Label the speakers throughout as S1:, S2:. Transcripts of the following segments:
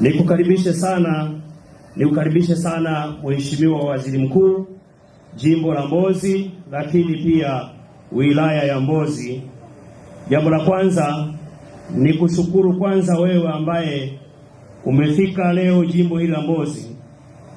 S1: Nikukaribishe sana nikukaribishe sana Mheshimiwa Waziri Mkuu, jimbo la Mbozi, lakini pia wilaya ya Mbozi. Jambo la kwanza ni kushukuru kwanza wewe ambaye umefika leo jimbo hili la Mbozi,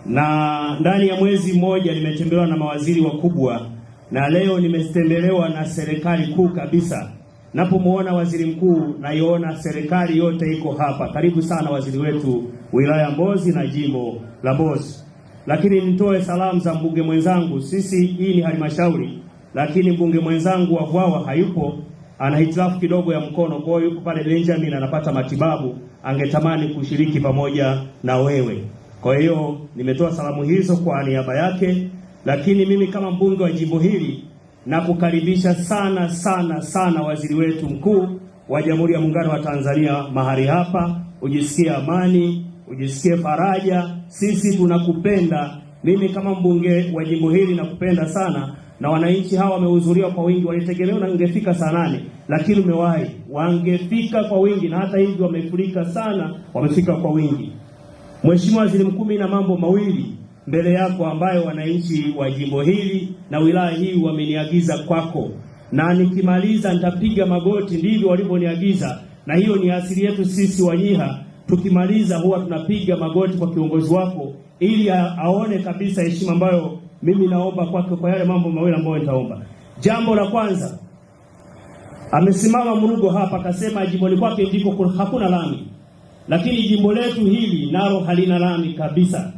S1: na ndani ya mwezi mmoja nimetembelewa na mawaziri wakubwa, na leo nimetembelewa na serikali kuu kabisa. Napomwona waziri mkuu naiona serikali yote iko hapa. Karibu sana waziri wetu wilaya Mbozi na jimbo la Mbozi. Lakini nitoe salamu za mbunge mwenzangu, sisi hii ni halmashauri, lakini mbunge mwenzangu wa Vwawa hayupo, ana hitilafu kidogo ya mkono, kwa hiyo yuko pale Benjamin anapata matibabu, angetamani kushiriki pamoja na wewe. Kwa hiyo nimetoa salamu hizo kwa niaba yake, lakini mimi kama mbunge wa jimbo hili na kukaribisha sana sana sana waziri wetu mkuu wa Jamhuri ya Muungano wa Tanzania mahali hapa, ujisikie amani, ujisikie faraja. Sisi tunakupenda. Mimi kama mbunge wa jimbo hili nakupenda sana, na wananchi hawa wamehudhuria kwa wingi, walitegemea na ingefika saa nane, lakini umewahi, wangefika kwa wingi, na hata hivi wamefurika sana, wamefika kwa wingi. Mheshimiwa Waziri Mkuu, mimi na mambo mawili mbele yako, ambayo wananchi wa jimbo hili na wilaya hii wameniagiza kwako, na nikimaliza nitapiga magoti. Ndivyo walivyoniagiza, na hiyo ni asili yetu sisi Wanyiha. Tukimaliza huwa tunapiga magoti kwa kiongozi wako, ili aone kabisa heshima ambayo mimi naomba kwake, kwa yale mambo mawili ambayo nitaomba. Jambo la kwanza, amesimama Mrugo hapa akasema jimboni kwake ndipo hakuna lami, lakini jimbo letu hili nalo halina lami kabisa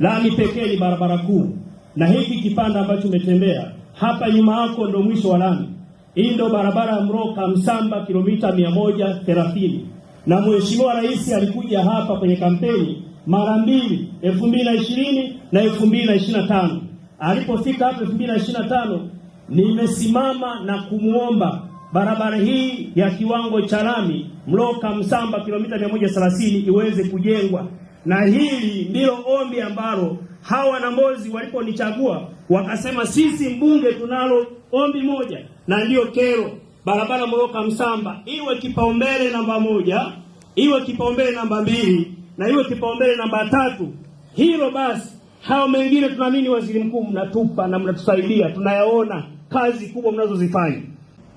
S1: lami pekee ni barabara kuu, na hiki kipanda ambacho umetembea hapa nyuma yako ndo mwisho wa lami hii, ndo barabara ya Mroka Msamba, kilomita 130 na Mheshimiwa Rais alikuja hapa kwenye kampeni mara mbili, 2020 na 2025. Alipofika hapa 2025, nimesimama na kumwomba barabara hii ya kiwango cha lami mroka Msamba kilomita 130 iweze kujengwa na hili ndilo ombi ambalo hawa mbozi waliponichagua wakasema, sisi mbunge tunalo ombi moja na ndiyo kero, barabara Moroka Msamba iwe kipaumbele namba moja, iwe kipaumbele namba mbili na iwe kipaumbele namba tatu. Hilo basi, hao mengine tunaamini, waziri mkuu, mnatupa na mnatusaidia, tunayaona kazi kubwa mnazozifanya.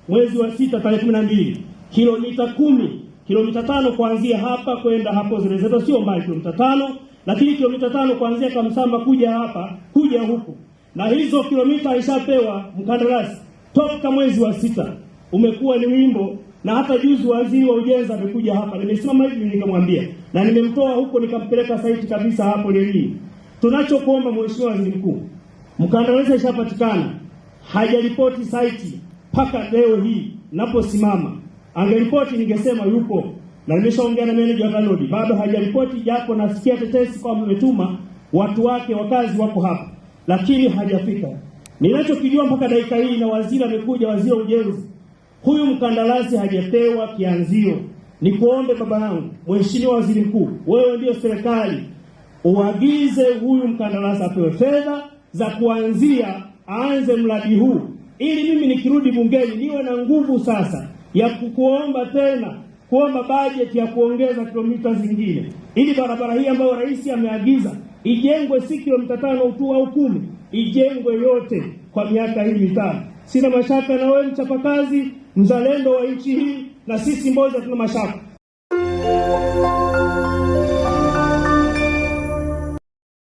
S2: Mwezi wa sita tarehe kumi na mbili kilomita kumi kilomita tano kuanzia hapa kwenda hapo zile zetu sio mbali, kilomita tano lakini kilomita tano kuanzia Kamsamba kuja hapa kuja huku, na hizo kilomita ishapewa mkandarasi toka mwezi wa sita. Umekuwa ni wimbo, na hata juzi waziri wa ujenzi amekuja hapa, nimesimama hivi nikamwambia, na nimemtoa huko nikampeleka saiti kabisa hapo leli. Tunachokuomba Mheshimiwa Waziri Mkuu, mkandarasi ishapatikana, hajaripoti saiti mpaka leo hii naposimama Angeripoti ningesema yupo, na nimeshaongea na meneja wa TANROADS bado hajaripoti, japo nasikia tetesi kwamba ametuma watu wake, wakazi wako hapa, lakini hajafika. Ninachokijua mpaka dakika hii, na waziri amekuja, waziri wa ujenzi, huyu mkandarasi hajapewa kianzio. Nikuombe baba yangu, mheshimiwa waziri mkuu, wewe ndio serikali, uagize huyu mkandarasi apewe fedha za kuanzia, aanze mradi huu, ili mimi nikirudi bungeni niwe na nguvu sasa ya kukuomba tena kuomba bajeti ya kuongeza kilomita zingine ili barabara hii ambayo rais ameagiza ijengwe si kilomita tano tu au kumi, ijengwe yote kwa miaka hii mitano. Sina mashaka na wewe mchapakazi, mzalendo wa nchi hii, na sisi Mboza tuna mashaka